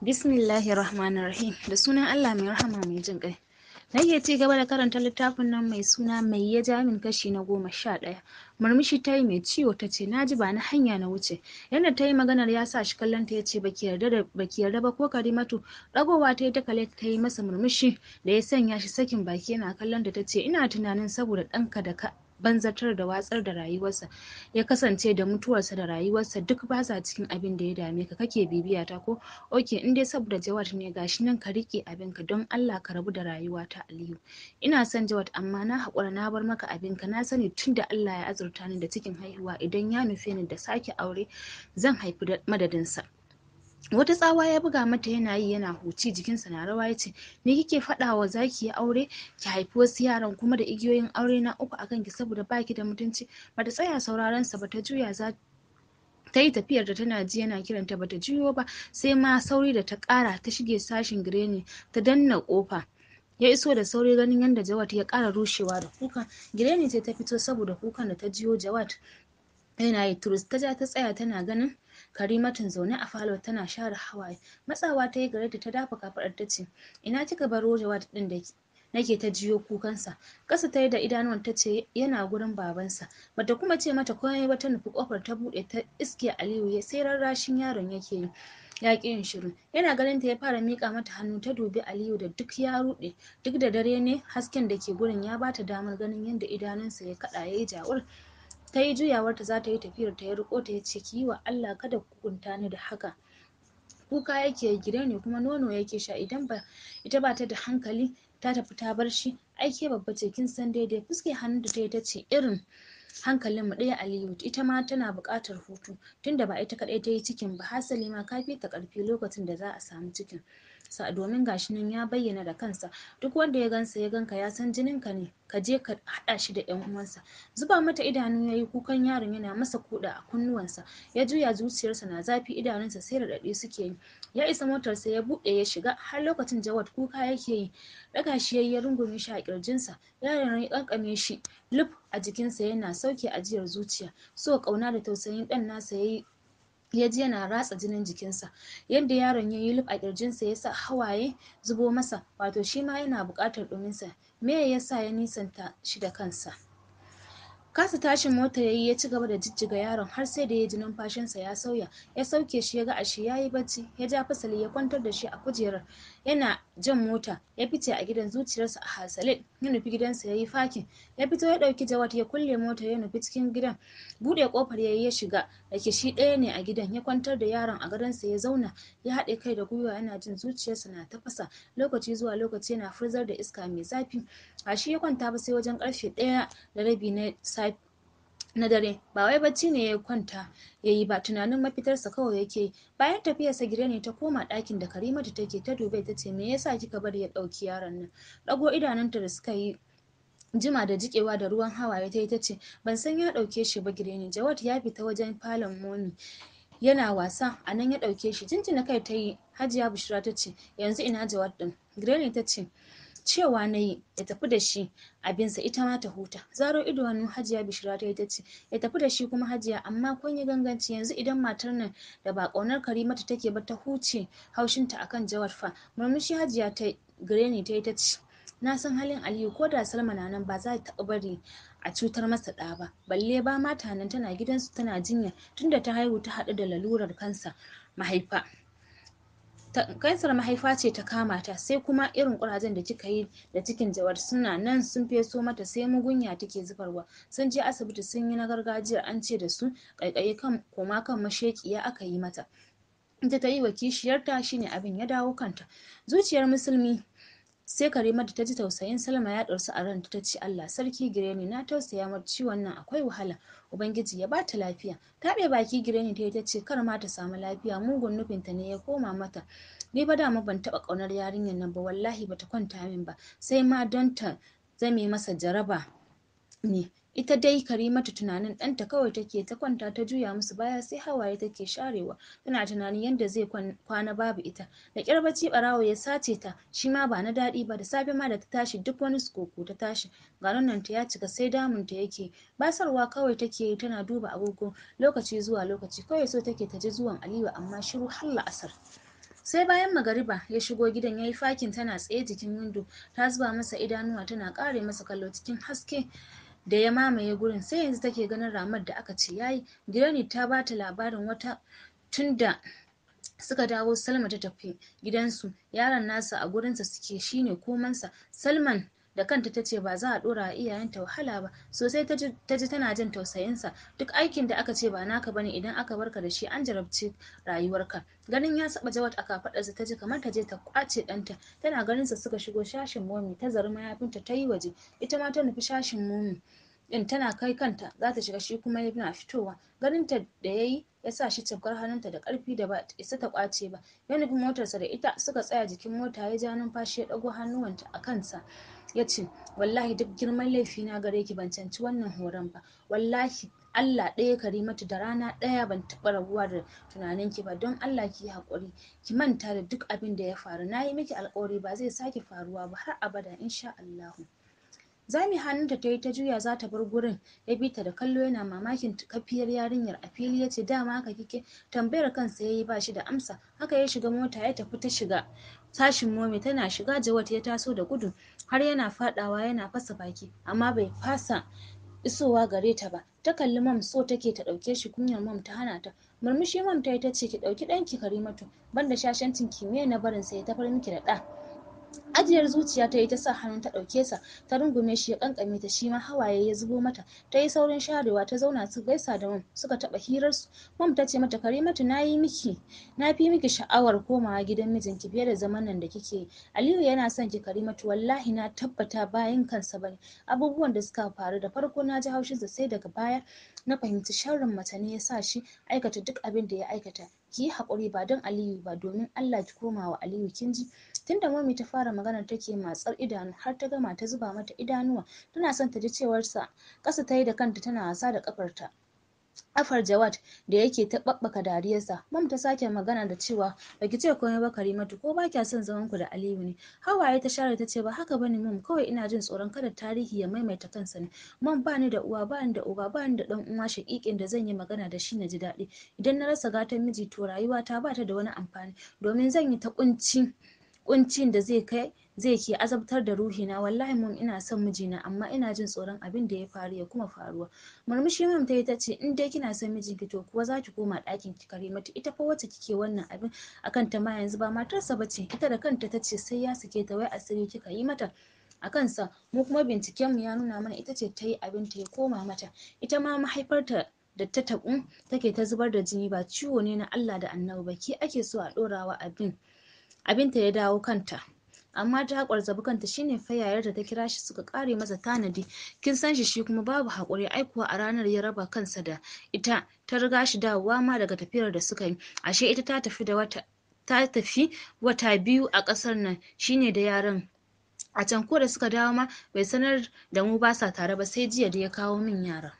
bismillahi Rahmanir Rahim da sunan Allah mai rahama mai jin kai. Nake ci gaba da karanta littafin nan mai suna mai ya jamin kashi na goma sha ɗaya. Murmushi ta yi mai ciwo ta ce na ji ba na hanya na wuce. Yadda ta yi maganar ya sa shi kallon ta ya ce baki yarda yarda ba ko Karimatu ɗagowa ta yi ta kale ta yi masa murmushi da ya sanya shi sakin baki yana kallon ta ta ce ina tunanin saboda ɗanka da ka banzatar da watsar da rayuwarsa ya kasance da mutuwarsa da rayuwarsa duk ba sa cikin abin da ya dame ka kake bibiya ta ko oke in dai saboda jawat ne gashi nan ka rike ka don Allah ka rabu da rayuwa ta Aliyu ina son jawat amma na haƙura na bar maka abin ka na sani tun da Allah ya azurta ni da cikin haihuwa idan ya nufe ni da sake aure zan haifi madadinsa wata tsawa ya buga mata yana yi yana huci jikinsa na rawa ya ce ni kike faɗa wa zaki ya aure ki haifi wasu yaran kuma da igiyoyin aure na uku a kanki saboda baki da mutunci bata tsaya sauraron sa bata juya za ta yi tafiyar da tana ji yana kiranta bata juyo ba sai ma sauri da ta ƙara ta shige sashin gireni ta danna ƙofa ya iso da sauri ganin yadda jawad ya ƙara rushewa da kukan gireni ce ta fito saboda kukan da ta jiyo jawat yana yi turus ta ja ta tsaya tana ganin Karimatun zaune a falo tana share hawaye. Matsawa ta yi gare ta ta dafa kafaɗar ta ce, Ina kika bar baro ta ɗin da nake ta jiyo kukansa. Kasa tayi da idanuwan ta ce yana gurin babansa. Bata kuma ce mata komai ba ta nufi kofar ta buɗe ta iske Aliyu ya sai rarrashin yaron yake yi. Ya ƙi yin shiru. Yana ganin ta ya fara mika mata hannu ta dubi Aliyu da duk ya ruɗe. Duk da dare ne hasken da ke gurin ya bata damar ganin yadda idanunsa ya kaɗa ya yi jawur. Ta yi juyawarta za ta yi tafiyar ta ya riko ta ya ce ki yi wa Allah kada ku hukunta ni da haka. Kuka yake gida ne kuma nono yake sha idan ba ita ba ta da hankali ta tafi ta bar shi ai ke babba ce kin san daidai fuske hannun da ta yi ta ce irin hankalin mu ɗaya Aliyu ita ma tana buƙatar hutu tunda ba ita kaɗai ta yi cikin ba hasali ma ka fi ta ƙarfi lokacin da za a samu cikin. sa domin gashi nan ya bayyana da kansa duk wanda ya gansa ya ganka ya san jinin ka ne ka je ka haɗa shi da yan uwansa zuba mata idanu yayi kukan yaron yana masa kuɗa a kunnuwansa ya juya zuciyarsa na zafi idanunsa sai da raɗaɗi suke yi ya isa motarsa ya buɗe ya shiga har lokacin Jawad kuka yake yi daga shi yayi ya rungume shi a ƙirjinsa yaron ya kankame shi luf a jikinsa yana sauke ajiyar zuciya so ƙauna da tausayin ɗan nasa yayi ya ji yana ratsa jinin jikinsa yadda yaron ya yi a kirjinsa ya sa hawaye zubo masa wato shi ma yana buƙatar ɗuminsa me ya sa ya nisanta shi da kansa kasa tashin mota yayi ya ci gaba da jijjiga yaron har sai da ya ji numfashinsa ya sauya ya sauke shi ya ga ashe yayi bacci ya ja fasali ya kwantar da shi a kujerar yana jan mota ya fice a gidan zuciyarsa a hasale ya nufi gidansa ya yi fakin ya fito ya ɗauki jawat ya kulle mota ya nufi cikin gidan buɗe ƙofar ya yi ya shiga da ke shi ɗaya ne a gidan ya kwantar da yaron a gadonsa ya zauna ya haɗe kai da gwiwa yana jin zuciyarsa na tafasa lokaci zuwa lokaci yana furzar da iska mai zafi a shi ya kwanta ba sai wajen ƙarfe ɗaya da rabi na safe na dare ba wai bacci ne ya kwanta ya yi ba tunanin mafitarsa kawai yake yi. bayan tafiyarsa gire ne ta koma ɗakin da karimatu take ta dubai ta ce me yasa kika bari ya ɗauki yaron nan ɗago idanunta da suka yi jima da jikewa da ruwan hawaye ta yi ta ce ban san ya ɗauke shi ba gire ne jawad ya fita wajen falon momi yana wasa a nan ya ɗauke shi jinjina kai ta yi hajiya bushra ta ce yanzu ina jawad ɗin gire ne ta ce cewa na yi ya tafi da shi abinsa ita ma ta huta zaro wani hajiya bishira ta yi ce ya tafi da shi kuma hajiya amma kun yi ganganci yanzu idan matar nan da ba ƙaunar karimatu take ba ta huce haushinta akan jawar fa murmushi hajiya ta gare ni ta yi ce na san halin aliyu ko da salma na nan ba za ta taɓa bari a cutar masa ɗa ba balle ba mata nan tana gidansu tana jinya tunda ta haihu ta haɗu da lalurar kansa mahaifa kansar mahaifa ce ta kama ta sai kuma irin ƙurajen da kika yi da cikin jawar suna nan sun feso mata sai mugunya take zubarwa sun je asibiti sun yi na gargajiya an ce da su ƙaiƙayi kan koma kan mashekiya aka yi mata ita ta yi wa kishiyarta shine abin ya dawo kanta zuciyar musulmi sai da ta ji tausayin salma ya ɗarsu a ranta ta ce allah sarki gireni na tausaya mata ciwon nan akwai wahala ubangiji ya bata lafiya taɗe baki gireni ta yi ta ce kar ma ta samu lafiya mugun nufinta ne ya koma mata ni ba dama ban taɓa ƙaunar yarinyar nan ba wallahi ba ta kwanta min ba sai ma don ta zame masa jaraba ne ita dai karimatu tunanin ɗanta kawai take ta kwanta ta juya musu baya sai hawaye take sharewa tana tunanin yadda zai kwana babu ita da ƙyar bacci ɓarawo ya sace ta shi ma ba na daɗi ba da safe ma da ta tashi duk wani skoko ta tashi ga ta ya cika sai damun ta yake basarwa kawai take tana duba agogo lokaci zuwa lokaci kawai so take ta ji zuwan aliyu amma shiru har asar sai bayan magariba ya shigo gidan ya yi fakin tana tsaye jikin windo ta zuba masa idanuwa tana ƙare masa kallo cikin haske da ya mamaye gurin sai yanzu take ganin ramar da aka ce yayi girani ta bata labarin wata tunda suka dawo salma ta tafi gidansu yaron nasa a gurinsa suke shine komansa salman da kanta ta ce ba za a dora iyayen iyayenta wahala ba sosai ta ji tana jin tausayinsa duk aikin da aka ce ba naka bane idan aka barka da shi an jarabci rayuwarka ganin ya saba jawat a kafadarsa ta ji kamar ta je ta kwace danta tana ganinsa suka shigo shashin momi ta zari mayafinta ta yi waje ita ma ta nufi shashin momi din tana kai kanta za ta shiga shi kuma ya na fitowa ganin ta da ya yi ya sa shi cafkar hannunta da karfi da ba isa ta kwace ba ya nufi motarsa da ita suka tsaya jikin mota ya ja numfashi ya ɗago hannuwanta a kansa ya ce wallahi duk girman laifi na gare ki ban canci wannan horon ba wallahi Allah ɗaya karimatu da rana ɗaya ban taɓa rabuwa da tunanin ki ba don Allah ki yi haƙuri ki manta da duk abin da ya faru na yi miki alƙawari ba zai sake faruwa ba har abada insha Allahu zami hannunta ta yi ta juya za ta bar gurin ya bi ta da kallo yana mamakin kafiyar yarinyar a fili ya ce dama haka kike tambayar kansa ya yi ba shi da amsa haka ya shiga mota ya tafi ta shiga Tashin momi tana shiga Jawad ya taso da gudu har yana faɗawa yana fasa baki amma bai fasa isowa gare ta ba. Ta kalli mom so take ta ɗauke shi kunyar mom ta hana ta. Murmushi mom ta yi ce ki ɗauki ɗanki Karimatu banda shashancin kimiyya na barinsa ya tafar miki da ɗa. ajiyar zuciya ta yi ta sa hannu ta ɗauke sa ta rungume shi ya kankame ta shi ma hawaye ya zubo mata ta yi saurin sharewa ta zauna su gaisa da mum suka taɓa hirar su mum ta ce mata karimatu na miki na fi miki sha'awar komawa gidan mijinki fiye da zaman nan da kike yi aliyu yana son ki karimatu wallahi na tabbata bayan kansa bane abubuwan da suka faru da farko na ji haushinsa sai daga baya na fahimci sharrin mace ne ya sa shi aikata duk abin da ya aikata ki yi haƙuri ba don aliyu ba domin allah ki koma wa aliyu kin ji tun da mami ta fara magana take matsar idanu har ta gama ta zuba mata idanuwa tana son ta ji cewarsa ƙasa ta yi da kanta tana wasa da ƙafarta. Afar Jawad da yake ta ɓaɓɓaka dariyarsa, Mam ta sake magana da cewa baki ce komai ba Karimatu ko ba kya son zaman ku da Aliyu ne. Hawaye ta share ta ce ba haka bane Mam kawai ina jin tsoron kada tarihi ya maimaita kansa ne. Mam ba ni da uwa ba ni da uba ba ni da dan uwa shakikin da zan yi magana da shi na ji daɗi. Idan na rasa gatan miji to rayuwa ta bata da wani amfani domin zan yi ta ƙunci kuncin da zai kai zai ke azabtar da ruhina wallahi mum ina son mijina amma ina jin tsoron abin da ya faru ya kuma faruwa murmushi mum ta yi ta ce in dai kina son mijinki to kuwa za ki koma ɗakin ki kare mata ita fa wacce kike wannan abin akan ta ma yanzu ba matarsa ba ce ita da kanta ta ce sai ya sake ta wai asiri kika yi mata a kansa mu kuma binciken mu ya nuna mana ita ce ta yi abin ta ya koma mata ita ma mahaifarta da ta taɓu take ta zubar da jini ba ciwo ne na Allah da annabi ba ke ake so a ɗorawa abin abinta ya dawo kanta amma ta ƙwarzabi kanta shine fayayar da ta kira shi suka kare masa tanadi kin san shi shi kuma babu haƙuri ai a ranar ya raba kansa da ita ta riga shi dawowa ma daga tafiyar da suka yi ashe ita ta tafi da wata ta tafi wata biyu a ƙasar nan shine da yaran a can ko da suka dawo ma bai sanar da mu ba sa tare ba sai jiya da ya kawo min yaran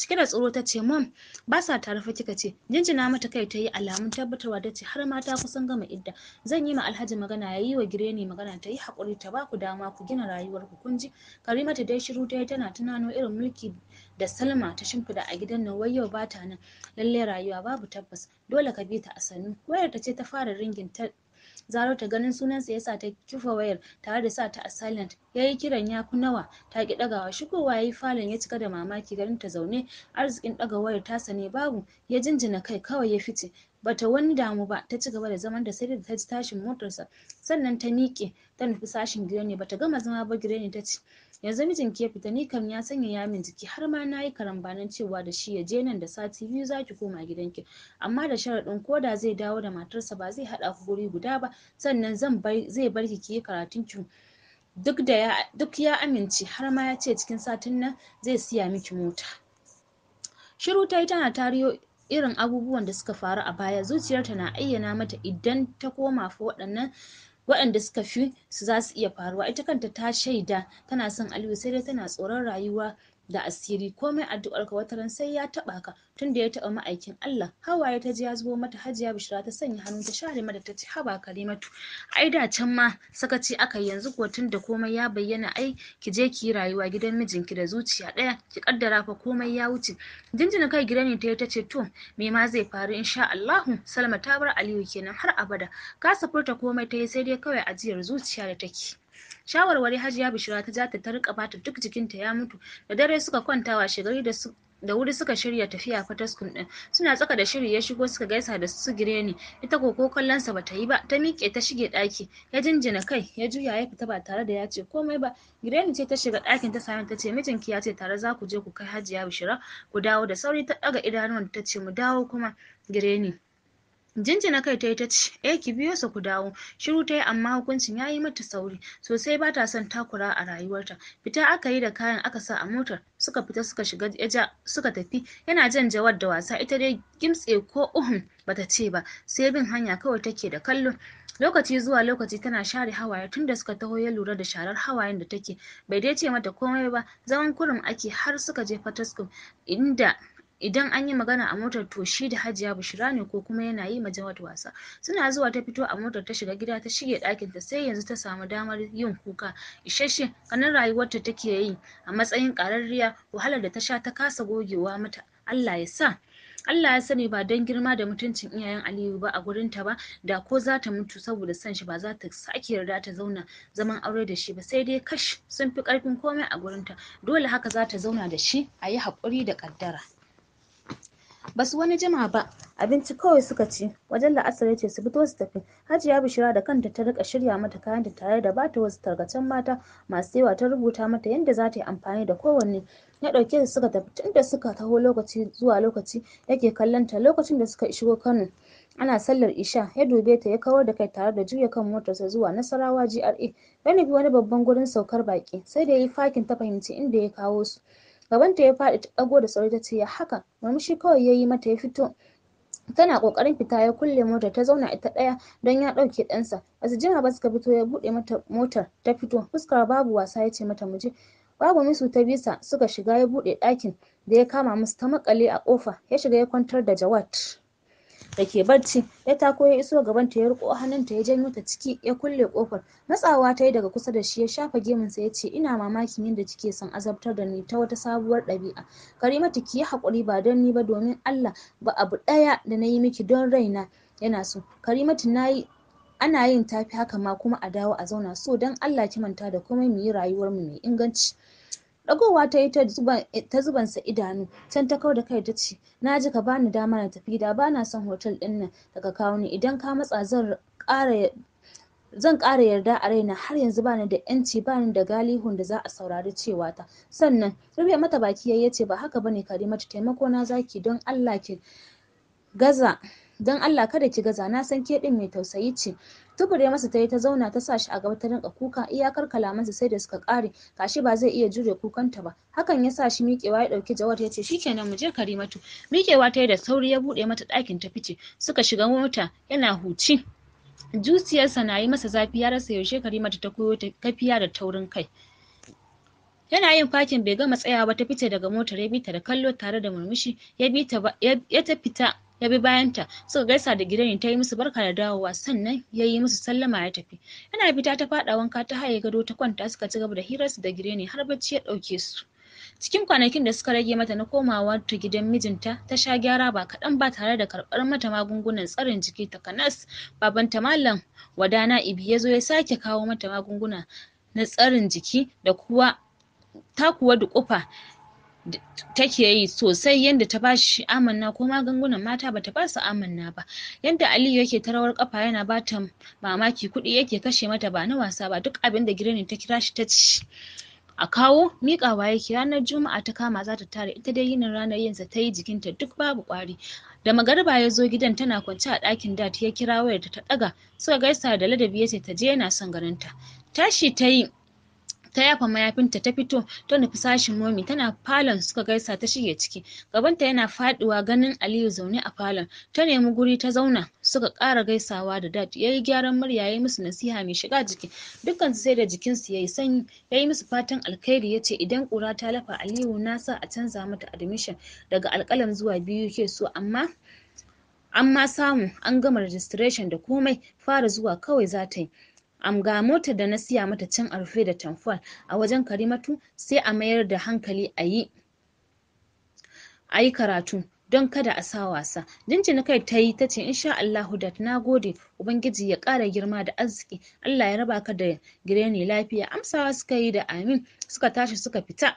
cike da tsoro ta ce mom ba sa tare fa kika ce jinjina mata kai ta yi alamun tabbatarwa ta ce har mata kusan gama idda zan yi ma alhaji magana ya yi wa gireni magana ta yi haƙuri ta ba ku dama ku gina rayuwar ku kun ji karimata dai shiru ta tana tunano irin mulki da salma ta shimfida a gidan nan wai yau ba ta nan lallai rayuwa babu tabbas dole ka bi ta a sannu wayar ta ce ta fara ringin ta Zaro ta ganin sunansa yasa ta kifa wayar tare da sa ta a silent. Ya yi kiran ya ku nawa ta ki ɗagawa shigowa ya yi falon ya cika da mamaki garin ta zaune arzikin ɗaga wayar tasa ne babu ya jinjina kai kawai ya fice. Bata wani damu ba ta cigaba da zaman da sai da ta ji tashin motarsa sannan ta miƙe ta nufi sashin ne bata gama zama ba girene ta ce yanzu mijin ya fita ni kam ya sanya ya min jiki har ma na yi karambanin cewa da shi ya je nan da sati biyu zaki koma gidanki amma da sharaɗin ko da zai dawo da matarsa ba zai haɗa ku guri guda ba sannan zan zai bar ki ki karatun ki duk da ya duk ya amince har ma ya ce cikin satin nan zai siya miki mota shiru tayi tana tariyo irin abubuwan da suka faru a baya zuciyarta na ayyana mata idan ta koma fa waɗannan waɗanda suka fi su zasu iya faruwa ita kanta ta shaida tana son Aliyu sai dai tana tsoron rayuwa da asiri komai ka wata ran sai ya taba ka tunda ya taba ma'aikin Allah hawaye ta ji ya zubo mata hajiya bishira ta sanya hannu ta share mata ta ce haba karimatu ai da can ma sakaci aka yi yanzu ko tunda komai ya bayyana ai ki je ki yi rayuwa gidan mijinki da zuciya ɗaya, ki kaddara fa komai ya wuce jinjina kai gidan ne ta ta ce to me ma zai faru insha Allah Salma ta bar Aliyu kenan har abada kasa furta komai ta yi sai dai kawai ajiyar zuciya da take shawarwari hajiya bishira ta jata ta rika bata duk jikinta ya mutu da dare suka kwanta washe gari da su da wuri suka shirya tafiya fataskun din suna tsaka da shiri ya shigo suka gaisa da su gireni ita koko kallon sa bata yi ba ta miƙe ta shige ɗaki ya jinjina kai ya juya ya fita ba tare da ya ce komai ba gireni ce ta shiga ɗakin ta sami ta ce mijinki ya ce tare za ku je ku kai hajiya bishira ku dawo da sauri ta ɗaga idanuwan ta ce mu dawo kuma gireni jinjina kai ta yi ta ce eh ki biyo su ku dawo shiru ta yi amma hukuncin ya yi mata sauri sosai ba ta son takura a rayuwarta fita aka yi da kayan aka sa a motar suka fita suka shiga ja suka tafi yana jan jawar da wasa ita dai gimtse ko uhun bata ce ba sai bin hanya kawai take da kallo lokaci zuwa lokaci tana share hawaye tun da suka taho ya lura da sharar hawayen da take bai dai ce mata komai ba zaman kurum ake har suka je fataskum inda idan an yi magana a motar to shi da hajiya bushira ne ko kuma yana yi ma wasa suna zuwa ta fito a motar ta shiga gida ta shige ɗakin ta sai yanzu ta samu damar yin kuka isasshe rayuwar rayuwarta take yi a matsayin ƙararriya wahalar da ta sha ta kasa gogewa mata Allah ya sa Allah ya sani ba don girma da mutuncin iyayen Aliyu ba a gurin ta ba da ko za ta mutu saboda son shi ba za ta sake yarda ta zauna zaman aure da shi ba sai dai kash sun fi karfin komai a gurin ta dole haka za ta zauna da shi a yi haƙuri da ƙaddara. ba su wani jima ba abinci kawai suka ci wajen la'asar ya ce su fito su tafi hajiya bishira da kanta ta rika shirya mata kayan kayanta tare da bata wasu tarkacen mata masu yawa ta rubuta mata yadda za ta yi amfani da kowanne ya ɗauke su suka tafi tun da suka taho lokaci zuwa lokaci yake kallon ta lokacin da suka shigo kano ana sallar isha ya dube ta ya kawar da kai tare da juya kan motarsa zuwa nasarawa gra ya nufi wani babban gurin saukar baki sai da ya yi fakin ta fahimci inda ya kawo su gabanta ya faɗi ta ɗago da sauri ta ce ya haka murmushi kawai ya yi mata ya fito tana kokarin fita ya kulle mota ta zauna ita daya don ya dauke ɗansa su jima ba suka fito ya bude mata motar ta fito fuskar babu wasa ya ce mata muje babu misu ta bisa suka shiga ya bude ɗakin da ya kama musu ta makale a ƙofa ya shiga ya kwantar da jawat Dake ke barci ya tako ya iso gaban ta ya hannun ta ya janyo ta ciki ya kulle kofar matsawa ta yi daga kusa da shi ya shafa gemunsa ya ce ina mamakin yadda kike son azabtar da ni ta wata sabuwar ɗabi'a karimatu ki yi haƙuri ba don ni ba domin allah ba abu ɗaya da na yi miki don raina yana so karimatu na ana yin tafi haka ma kuma a dawo a zauna so don allah ki manta da komai mu yi rayuwar mu mai inganci Ɗagowa ta yi ta zubansa idanu, can ta kau da kai ta ce, Na ji ka bani dama na tafi da ba na son hotel ɗin nan daga kawo ni idan ka matsa zan ƙara zan ƙara yarda a raina har yanzu bani da yanci bani da galihun da za a saurari cewa ta sannan rufe mata baki yayi ce ba haka bane karimatu taimako na zaki don Allah ki gaza don Allah kada ki gaza na san ke din mai tausayi ce tubure masa ta yi ta zauna ta sa shi a gaba ta rinka kuka iyakar kalamansa sai da suka kare kashi ba zai iya jure kukanta ba hakan ya sa shi miƙewa ya ɗauki jawar ya ce shikenan mu je karimatu miƙewa ta yi da sauri ya buɗe mata ɗakin ta fice suka shiga mota yana huci Jusiyarsa na yi masa zafi ya rasa yaushe karimatu ta koyo ta kafiya da taurin kai yana yin fakin bai gama tsayawa ba ta fice daga motar ya bi ta da kallo tare da murmushi ya bi ta ya ta fita ya bi bayanta suka gaisa da gidan ta yi musu barka da dawowa sannan ya yi musu sallama ya tafi yana fita ta faɗa wanka ta haye gado ta kwanta suka ci gaba da hirarsu da gireni har bacci ya ɗauke su cikin kwanakin da suka rage mata na komawa ta gidan mijinta ta sha gyara ba kaɗan ba tare da karɓar mata magungunan tsarin jiki ta kanas babanta mallam wadana ibi ya zo ya sake kawo mata magunguna na tsarin jiki da kuwa ta kuwa dukufa take yi sosai yadda ta bashi, shi amanna ko magungunan mata ba ta ba su amanna ba yadda aliyu yake ta rawar kafa yana ba ta mamaki kuɗi yake kashe mata ba na wasa ba duk abin da ne ta kira shi ta ci a kawo miƙawa yake ranar juma'a ta kama za ta tare ita dai yinin ranar yinsa ta yi jikinta duk babu ƙwari da magariba ya zo gidan tana kwance a ɗakin da ya kira wayarta ta ɗaga suka gaisa da ladabi ya ce ta je yana son ganinta tashi ta yi ta yafa mayafinta ta fito ta nufi sashin momi tana falon suka gaisa ta shige ciki gabanta yana faduwa ganin aliyu zaune a falon ta nemi guri ta zauna suka ƙara gaisawa da dad ya yi gyaran murya ya yi musu nasiha mai shiga jiki dukkan sai da jikinsu ya yi sanyi ya yi musu fatan alkhairi ya ce idan ƙura ta lafa aliyu na sa a canza mata admission daga alƙalam zuwa biyu ke so amma amma samu an gama registration da komai fara zuwa kawai za ta yi am ga mota da na siya mata can a rufe da tamfol a wajen karimatu sai a mayar da hankali a yi a yi karatu don kada a sa wasa na kai ta yi ta ce insha Allahu dat na gode ubangiji ya ƙara girma da arziki Allah ya raba ka da gireni lafiya amsawa suka yi da amin suka tashi suka fita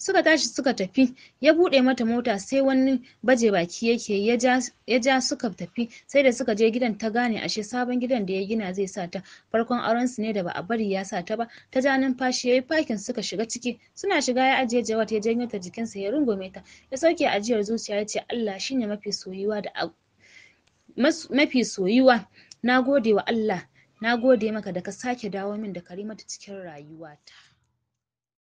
suka tashi suka tafi ya buɗe mata mota sai wani baje baki yake ya ja suka tafi sai da suka je gidan ta gane ashe sabon gidan da ya gina zai sa ta farkon auren su ne da ba a bari ya sa ta ba ta ja numfashi yayi fakin suka shiga ciki suna shiga ya ajiye jawat ya janyo ta jikinsa ya rungume ta ya sauke ajiyar zuciya ya ce Allah shine mafi soyuwa da mafi soyuwa na gode wa Allah na gode maka da ka sake dawo min da karimatu cikin rayuwata